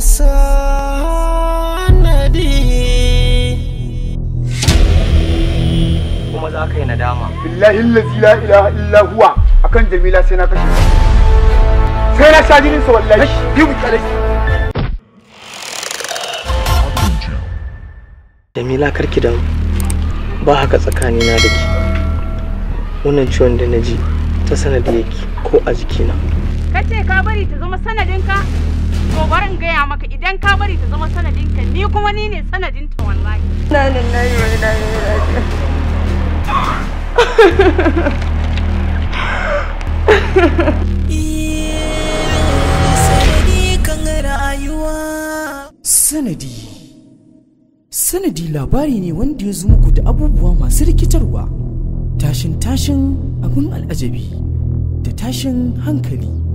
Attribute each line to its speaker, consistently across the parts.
Speaker 1: sanadi kuma za ka yi nadama billahi lazi la ilaha illa huwa akan jamila sai na kashe sai na sha jinin sa wallahi bi mu kare jamila karki dan ba haka tsakanina da ke wannan ciwon da na ji ta sanadi yake ko a jikina ka ce ka bari ta zama sanadinka To barin gaya maka idan ka bari ta zama sanadinka ni kuma ni ne sanadin ta wallahi. Na nan na yi na yi Sanadi Sanadi labari ne wanda ya zo muku da abubuwa masu rikitarwa, tashin tashin abin al'ajabi da tashin hankali.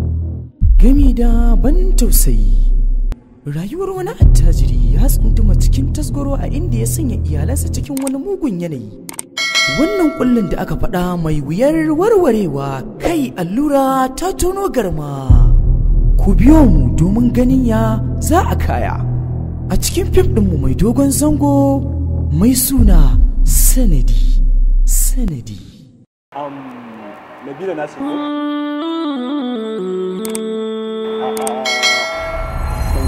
Speaker 1: gami da ban tausayi rayuwar wani attajiri ya tsunduma cikin tasgoro a inda ya sanya iyalansa cikin wani mugun yanayi wannan kullum da aka faɗa mai wuyar warwarewa kai allura ta tono garma ku biyo mu domin ganin ya za a kaya a cikin fim ɗinmu mai dogon zango mai suna sanadi sanadi um, nabila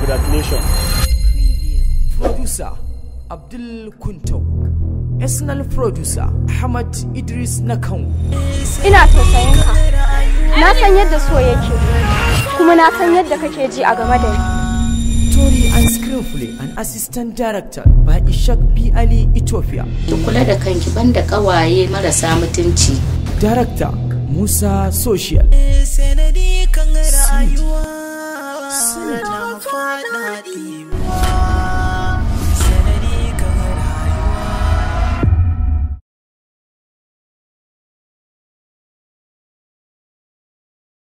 Speaker 1: Congratulations. Producer Abdul Kunto. Personal producer Ahmad Idris Nakan. Ina tausayin ka. Na san yadda so yake. Kuma na san yadda kake ji a game da Tori and Screenplay and Assistant Director by Ishak B. Ali Ethiopia. Ki kula da kanki banda kawaye marasa mutunci. Director Musa Social. Eh,